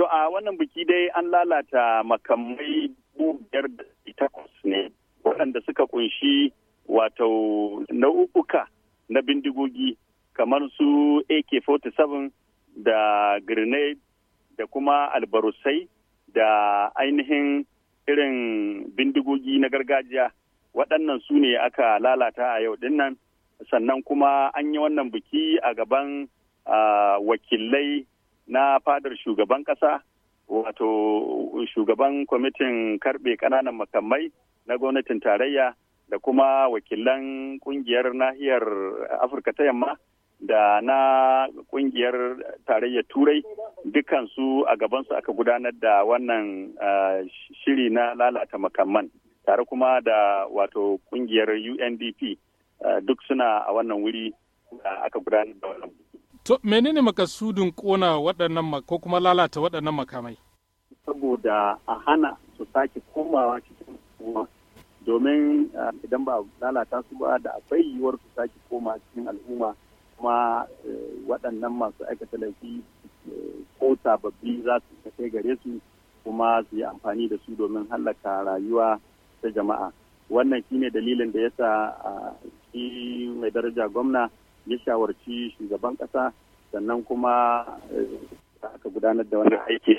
To a wannan biki dai an lalata makamai biyar da takwas ne waɗanda suka kunshi wato nau'uka na bindigogi kamar su AK-47 da grenade da kuma albarusai da ainihin irin bindigogi na gargajiya waɗannan su ne aka lalata a yau dinnan sannan kuma an yi wannan biki a gaban ah, wakilai na fadar shugaban ƙasa wato shugaban kwamitin karɓe ƙananan makamai na gwamnatin tarayya da kuma wakilan ƙungiyar nahiyar afirka ta yamma da na ƙungiyar tarayyar turai dukansu a gabansu aka gudanar da wannan eh, shiri na lalata makamman tare kuma da wato kungiyar undp eh, duk suna a wannan wuri aka gudanar da wannan To menene makasudin kona waɗannan ko kuma lalata waɗannan makamai? Saboda a hana su sake komawa cikin al'umma domin eh, idan ba lalata su ba da akwai yiwuwar su sake koma cikin al'umma kuma eh, waɗannan masu aikata laifi eh, ko sababbi za su kai gare su kuma su yi amfani da su domin hallaka rayuwa ta jama'a wannan shine dalilin da yasa ah, shi mai daraja gwamna ya shawarci shugaban ƙasa sannan kuma eh, aka gudanar da wannan aiki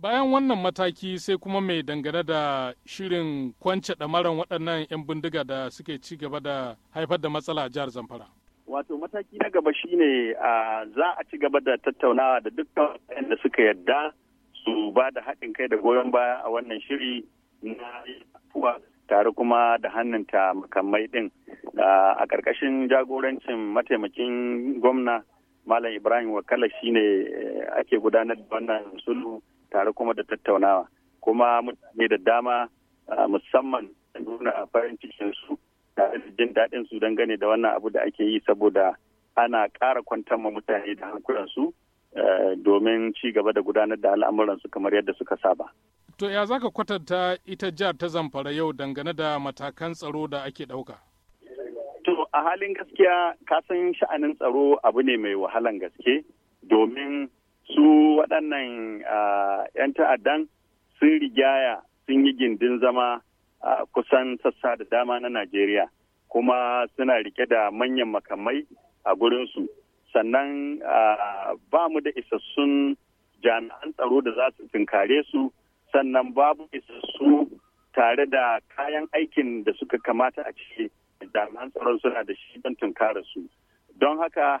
bayan wannan mataki sai kuma mai dangane da shirin kwance damaran waɗannan 'yan bindiga da suke ci gaba da haifar da matsala a jihar zamfara wato mataki na gaba shine za a ci gaba da tattaunawa da dukkan waɗanda suka yarda su ba da haɗin kai da goyon baya a wannan shiri na tare kuma da hannunta makamai ɗin a ƙarƙashin jagorancin mataimakin gwamna malam ibrahim wakala shine eh, ake gudanar da wannan sulhu tare kuma da tattaunawa kuma mutane da dama musamman nuna farin cikin su tare da jin daɗin su dangane da wannan abu da ake yi saboda ana ƙara kwantar ma mutane da hankulansu eh, domin ci gaba da gudanar da al'amuransu kamar yadda suka saba. To ya zaka kwatanta ita jihar ta zamfara yau dangane da matakan tsaro da ake ɗauka? To a halin gaskiya kasan sha'anin tsaro abu ne mai wahalan gaske domin su waɗannan 'yan ta'addan sun rigaya sun yi gindin zama a kusan sassa da dama na Najeriya kuma suna rike da manyan makamai a gurinsu sannan ba mu da isassun jami'an tsaro da za su tunkare su sannan babu isassu tare da kayan aikin da suka kamata a ciki. jami'an tsaron suna da shi don tunkara su don haka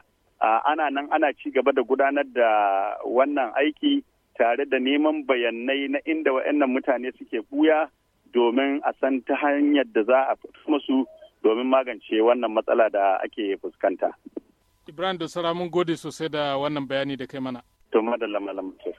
ana nan ana ci gaba da gudanar da wannan aiki tare da neman bayanai na inda waɗannan mutane suke buya domin a san ta hanyar da za a fito musu domin magance wannan matsala da ake fuskanta. Ibrahim da Sara mun gode sosai da wannan bayani da kai mana. To madalla malam